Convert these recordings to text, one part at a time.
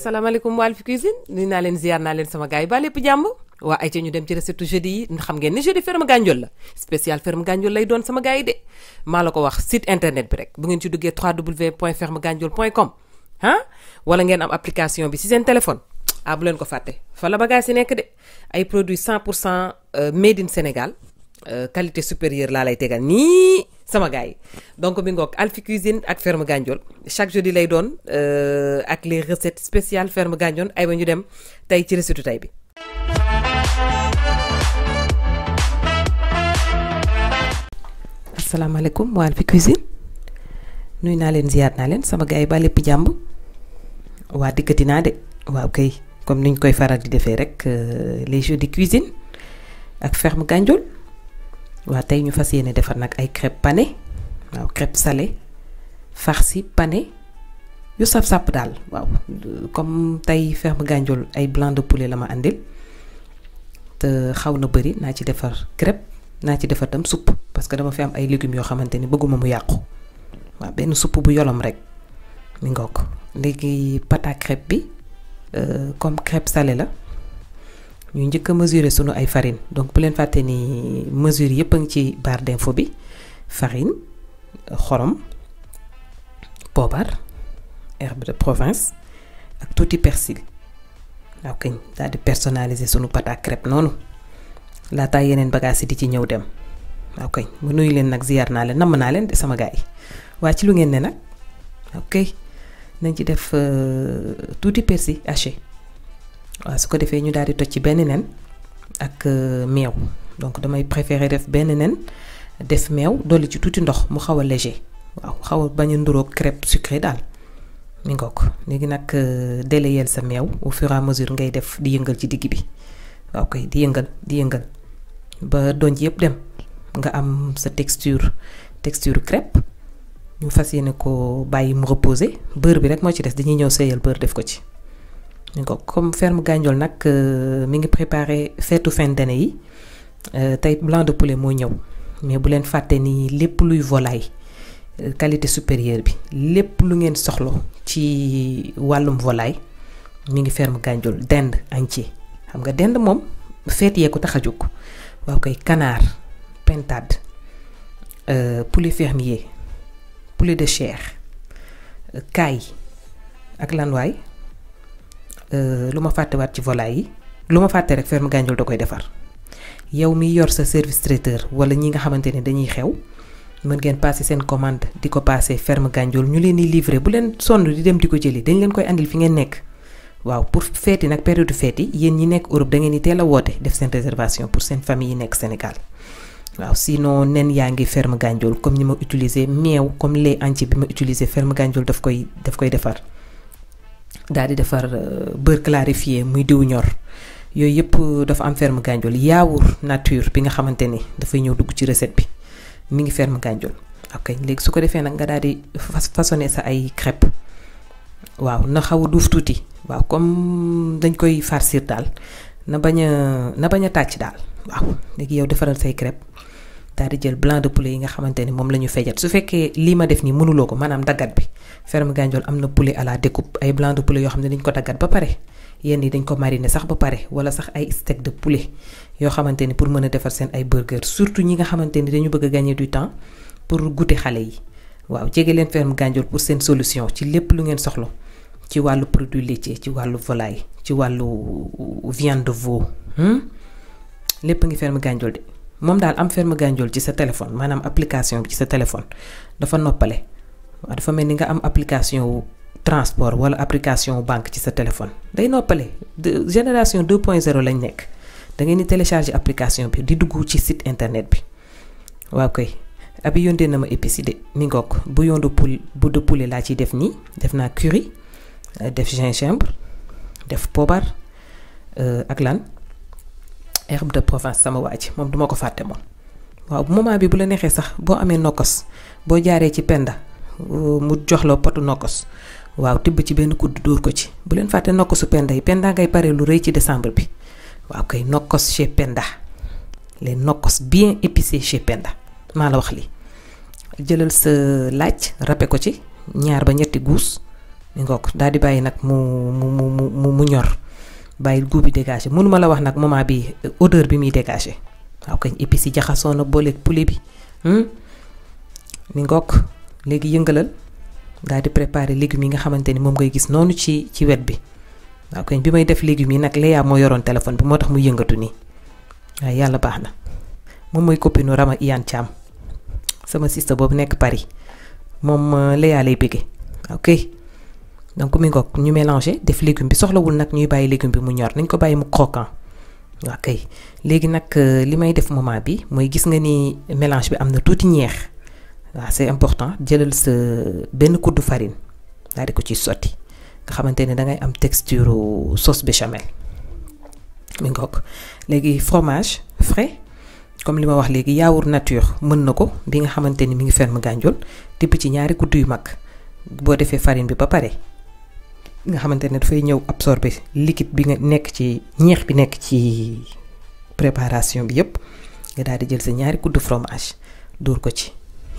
asalaamaaleykum waa Alphie Cuisine nuyu naa leen ziar naa leen sama gars yi ba lépp jàmm waa ay ca ñu dem ci recette jeudi yi xam ngeen ni jeudi ferme gànjool la spécial ferme gànjool lay doon sama gars yi de maa la ko wax site internet bi rek bu ngeen ci duggee www.fermegànjool.com ah wala ngeen am application bi si seen téléphone ah bu leen ko fàtte fa la bagage nekk de ay produit cent pour cent euh, made in Sénégal euh, qualité supérieure laa lay tegal nii. sama gars yi donc bi ngoog Alphie Cuisine ak Ferme Gandiol chaque jeudi lay doon euh, ak les recettes spéciale Ferme Gandiol ay ba ñu dem tey ci recette tey bi. asalaamaaleykum waa Alphie Cuisine nuyu naa leen ziyaar naa leen sama gars yi ba lépp jàmm waa dikkati naa de waaw kay comme niñ koy faral di defee rek euh, les jeux de cuisine ak Ferme Gandiol. waa tey ñu fas yéene defar nag ay crêpe pane waaw crêpe salé farci pané yu saf sàpp daal waaw comme tey ferme Gandiol ay blanc de poulet la ma àndil te xaw na bëri naa ci defar crêpe naa ci defar tam supp parce que dama fi am ay légumes yoo xamante ni bëgguma mu yàqu waa benn supp bu yolom rek mi ngoog léegi pâte à crêpe bi euh, comme crêpe salé la ñu njëkk a mesurer sunu ay farine donc bu leen fàtte ni mesure yëpp a ngi ci barre d'info bi farine xorom poobar herbe de province ak tuuti persil waaw kañ daal di personnaliser sunu pâte à noonu laataa yeneen bagages yi di ci ñëw dem waaw kañ mu nuyu leen nag ziyaar naa leen namm naa leen de sama gars yi waa ci lu ngeen ne nag ok nañ ci def euh, tuuti persil haché. waaw su ko defee ñu daal di toj ci benn nen ak euh, meew donc damay préférer def benn nen def meew dolli ci tuuti ndox mu xaw a léger waaw xaw bañu bañ a nduróog crêpe sucré daal mi ngoog léegi nag euh, délayel sa meew au fur mesure ngay def di yëngal ci digg bi waaw koy di yëngal di yëngal ba donj yëpp dem nga am sa texture texture crêpe ñu fas yéene ko bàyyi mu reposer beurre bi rek moo ci des dañuy ñëw seyal beurre def ko ci. ko comme ferme Gandiol nag euh, mi ngi préparé feetu fin d'année yi euh, tey blanc de poulet moo ñëw mais bu leen fàtte ni lépp luy volaille euh, qualité supérieure bi lépp lu ngeen soxlo ci wàllum volaille mi ngi ferme Gandiol dend entier xam nga dend moom feet yee ko tax a jóg waaw koy kanaar pintade poulet fermier poulet de chair kaay ak lan Euh, lu ma fàttewaat ci volaille yi lu ma fàtte rek ferme Gandiol da koy defar yow mi yor sa service traiteur wala ñi nga xamante ne dañuy xew mën ngeen passé seen commande di ko passé ferme Gandiol ñu leen di livré bu leen sonn di dem di ko jëli dañ leen koy andil fi ngeen nekk waaw pour feeti nag période feeti yéen ñi nekk Europe da ngeen di teel a woote def seen réservation pour seen famille yi nekk Sénégal waaw sinon nen yaa ngi ferme Gandiol comme ni ma utiliser meew comme lait entier bi ma utiliser ferme Gandiol daf koy daf koy defar daal di defar euh, beurre clarifié muy diw ñor yooyu yëpp dafa am ferme Gandiol yaawur nature bi nga xamante ni dafay ñëw dugg ci recette bi mu ngi ferme Gandiol ok léegi su ko defee nag nga daal di façonné sa ay crêpe waaw na xaw duuf tuuti waaw comme dañ koy farcir daal na bañ a na bañ a tàcc daal waaw léegi yow defaral say crêpe daal jël blanc de poulet yi nga xamante moom la fejat su fekkee lii ma def nii mënuloo ko maanaam daggat bi ferme Gandiol am na poulet à la ay blanc de poulet yoo xam ne dañ ko daggat ba pare yenn yi dañ ko mariner sax ba pare wala sax ay steak de poulet yoo xamante ni pour mën a defar seen ay burger surtout ñi nga xamante ni dañu bëgg a gagner du temps pour goûter xale yi waaw jege leen ferme Gandiol pour seen solution ci lépp lu ngeen soxla ci wàllu produit laitier ci wàllu volaille ci wàllu viande de veau hmm? lépp ngi ferme Gandiol moom daal am ferme gànjool ci sa téléphone maanaam application bi ci sa téléphone dafa noppale dafa mel ni nga am application wu transport wala application wu banque ci sa téléphone day noppale génération 2 point 0 lañ nekk da ngeen di télécharger application bi di dugg ci site internet bi waaw koy abi yóndee na ma épices yi mi ngook bu yondu poule bu de laa ciy def nii def naa curry euh, def gingembre def poobar euh, ak lan herbe de Provence sama waa moom duma ko fàtte moom waaw moment bi bu la neexee sax boo amee nokkos boo jaaree ci penda euh, mu jox la potu nokkos waaw tibb ci benn kudd dóor ko ci bu leen fàtte nokkosu penda yi penda ngay pare lu rëy ci décembre bi waaw kay nokkos chez penda les nokkos bien épicés chez penda maa la wax lii jëlal sa laaj râpé ko ci ñaar ba ñetti guus nga ko daal di bàyyi nag mu mu mu mu mu ñor bàyyil goût bi dégagé mënuma la wax nag moment bi euh, odeur bi muy dégagé waaw kañ épices jaxasoo na booleeg poulet bi mi hmm? ngook léegi yëngalal daal di préparer légumes yi nga xamante ni moom ngay gis noonu ci ci wet bi waaw kañ bi may def légumes yi nag Léa moo yoroon téléphone bi moo tax mu yëngatu nii waaye yàlla baax na moom mooy copine Rama Iyane Thiam sama sista boobu nekk Paris moom euh, Léa lay bëgge ok donc mi ñu mélangé def légume bi soxlawul nag ñuy bàyyi légume bi mu ñor ko bàyyi mu croquant waaw kay léegi nag euh, li may def moment bi mooy gis nga ni mélange bi am na tuuti ñeex waaw important jëlal sa euh, benn kuddu farine daal di ko ci nga xamante ne da ngay am texture sauce béchamel mi ngoog léegi fromage frais comme li ma wax léegi yaawur nature mën na ko bi nga xamante ni mi ngi ferme gànjol dipp ci ñaari kudd yu mag boo defee farine bi ba pare nga xamante ne dafay ñëw absorber liquide bi nga nekk ci ñeex bi nekk ci préparation bi yëpp nga daal di jël sa ñaari kuddu fromage dóor ko ci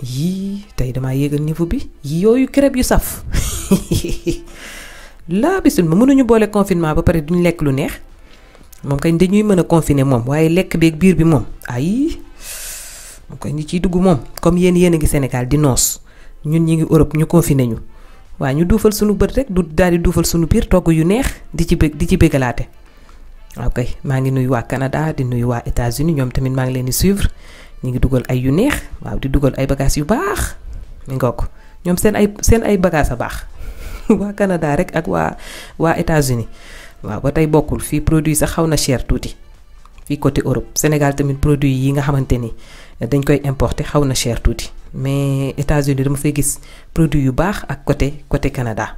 yii tey damaa yéegal niveau bi yooyu crêpe yu saf laa bisul ma nañu boole confinement ba pare duñ lekk lu neex moom kañ dañuy mën a confiner moom waaye lekk beeg biir bi moom ay moom kañ ñi ciy dugg moom comme yéen yéen a ngi Sénégal di noos ñun ñi ngi Europe ñu confiner ñu. waa ñu duufal sunu bët rek du daal di duufal sunu biir togg yu neex di ci bég di ci bégalaate ok maa ngi nuyu waa Canada di nuyu waa États-Unis ñoom tamit maa ngi leen di suivre ñu ngi dugal ay yu neex waaw di dugal ay bagages yu baax mu ngoo ko ñoom seen ay seen ay bagages a baax waa Canada rek ak waa waa États-Unis waaw ba tey bokkul fii produit sax xaw na cher tuuti fii côté Europe Sénégal tamit produit yi nga xamante ni dañ koy importer xaw na cher tuuti. mais États-Unis dama fay gis produit yu baax ak côté côté Canada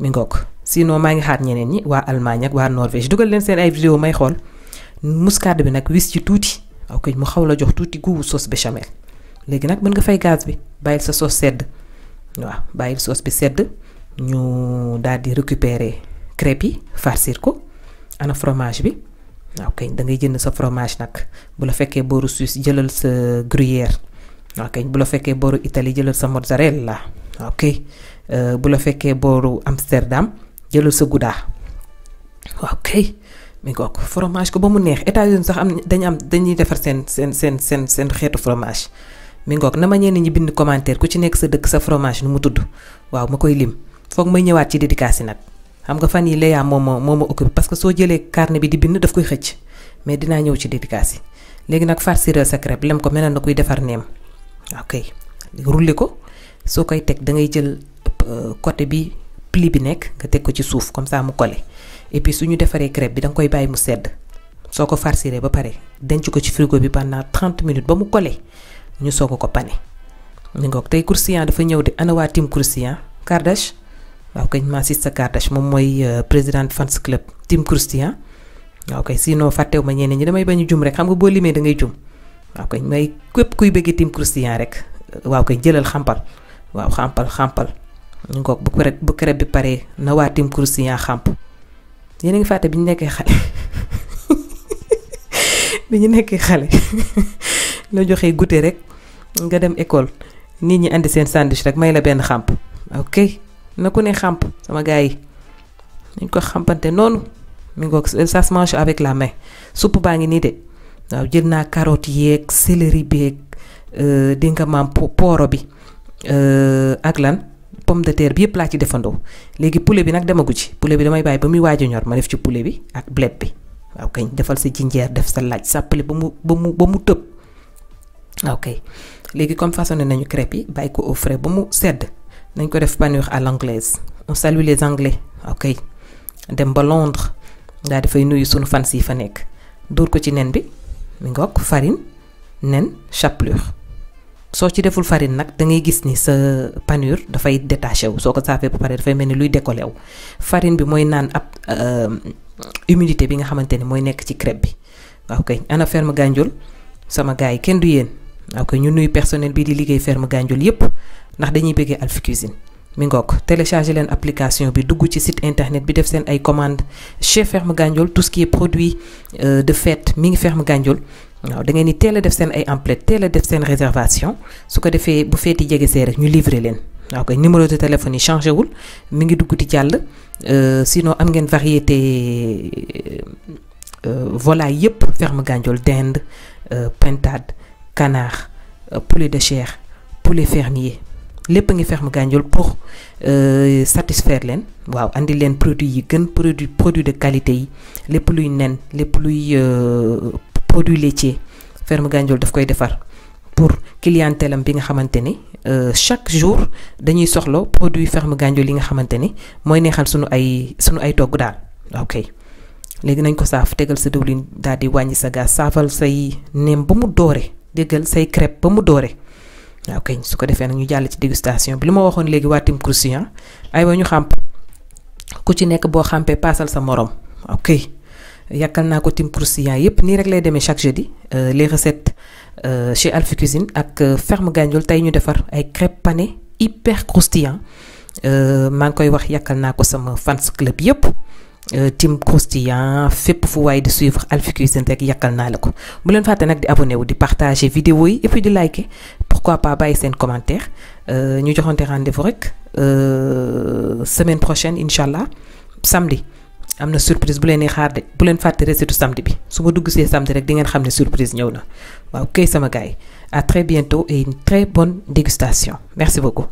mi ngoog sinon maa ngi xaar ñeneen ñi waa Allemagne ak waa Norvège dugal leen seen ay vidéo may xool muscade bi nag wis ci tuuti aw kay mu xaw la jox tuuti guubu sauce béchamel léegi nag mën nga fay gaz bi bàyyil sa sauce sedd waaw bàyyil sauce bi sedd ñu daal di récupérer crêpe yi farcir ko ana fromage bi waaw kay dangay jënd sa fromage nag bu la fekkee booru Suisse jëlal sa gruyère ok bu la fekkee booru Italie jëlal sa mozzarella ok euh, bu la fekkee booru Amsterdam jëlal sa gouda ok mi ngoog fromage ko ba mu neex états sax am dañu am dañuy defar seen seen seen seen seen xeetu fromage mi ngoog na ma ñenn ñi bind commentaire ku ci nekk sa dëkk sa fromage nu mu tudd waaw ma koy lim foog may ñëwaat ci dédicace nag xam nga fan yi layaa moo ma moo ma occupé parce que soo jëlee carnet bi di bind daf koy xëcc mais dinaa ñëw ci dédicace yi léegi nag farcir secret lem ko mel na kuy defar neem. ok rouler ko soo koy teg da ngay jël euh, côté bi pli bi nekk nga teg ko ci suuf comme ça mu collé et puis su ñu defaree crêpe bi da nga koy bàyyi mu sedd soo ko farciree ba pare denc ko ci frigo bi pendant 30 minutes ba mu collé ñu soog ko pané. ñu ngoog tey croustillant dafa ñëw di ana waa team croustillant Kardash waaw kay ma sista Kardash moom mooy euh, présidente fans club team croustillant waaw kay sinon fàttewu ma ñeneen ñi damay bañu jum rek xam nga boo limee da ngay jum. waaw koy may képp kuy bëggee Team Christian rek waaw koy jëlal xampal waaw xampal xàmpal ñu ko bu crêpe bu crêpe bi paree na waa Team Christian xamp yéen ngi fàtte bi ñu nekkee xale bi ñu nekkee la joxee goûter rek nga dem école nit ñi indi seen sandwich rek may la benn xàmp ok na ku ne xàmp sama gars yi dañ ko xampante noonu mi ngoog ça se mange avec la main supp baa ngi nii de. waaw jël naa carotte yeeg céleri beeg euh, di nga maam pooro bi euh, ak lan pomme de terre bi yëpp laa ci defandoo léegi poulet bi nag demagu ci poulet bi damay bàyyi ba muy waaj a ñor ma def ci poulet bi ak bled bi waaw kañ defal sa def sa laaj sàppale ba mu ba mu ba kay léegi comme façonné nañu crêpe yi ko au frais ba mu sedd nañ ko def panure à l'anglaise on salue les anglais dem ba Londres daal dafay nuyu sunu fans yi fa nekk dóor ko ci nen bi. mi ngoog farine nen chapelure soo ci deful farine nag da ngay gis ni sa panure dafay détaché wu soo ko saafee ba pare dafay mel ni luy décollé wu farine bi mooy naan ab euh, humidité bi nga xamante ni mooy nekk ci crêpe bi waaw kay ana ferme Gandiol sama gars yi kenn du yéen waaw kay ñu nuy personnel bi di liggéey ferme Gandiol yépp ndax dañuy bëggee Alphie Cuisine mi ngook téléchargé leen application bi dugg ci site internet bi def seen ay commandes chez Ferme Gandiol tout ki qui est produit euh, de fête mi ngi Ferme Gandiol waaw da ngeen ni teel a def seen ay emplettes teel def seen réservation su ko defee bu feeti jege see rek ñu livrer leen waaw kay numéro de téléphone yi changé wul mi ngi dugg di jàll euh, sinon am ngeen variété euh, volaille yépp Ferme Gandiol dinde pintade canard poulet de chair poulet fermier lépp a ngi ferme Gandiol pour euh, satisfaire leen waaw indi leen produit yi gën produit produit de qualité yi lépp luy nen lépp luy euh, produit laitier ferme Gandiol daf koy defar pour clientèle bi nga xamante ni euh, chaque jour dañuy soxla produit ferme Gandiol yi nga xamante ni mooy neexal sunu ay sunu ay togg daal ok léegi nañ ko saaf tegal sa diwlin daal di wàññi sa gaz saafal say neem ba mu doore déggal say crêpe ba mu doore waaw kañ su ko defee nag ñu jàll ci dégustation bi li ma waxoon léegi waa Tim Croustillant ah, ay wa ñu xàmp ku ci nekk boo xàmpee paasal sa morom ok yàkkal naa ko Tim Croustillant ah, yépp nii rek lay demee chaque jeudi euh, les recettes euh, chez Alphie Cuisine ak euh, ferme Gandiol tey ñu defar ay crêpes panées hyper croustillant maa ngi koy wax yàkkal naa ko sama fans club yépp Euh, Team Croustillant fépp fu waaye di suivre Alphie Cuisine rek yàqal naa la ko bu leen fàtte nag di abonné wu di partager vidéo yi et puis di liker pourquoi pas bàyyi seen commentaire euh, ñu joxante rendez-vous rek euh, semaine prochaine incha allah samedi am na surprise bu leen di xaar de bu leen fàtte recette samedi bi su ma dugg see samedi rek di ngeen xam ne surprise ñëw na waaw kay sama gars yi à très bientôt et une très bonne dégustation merci beaucoup.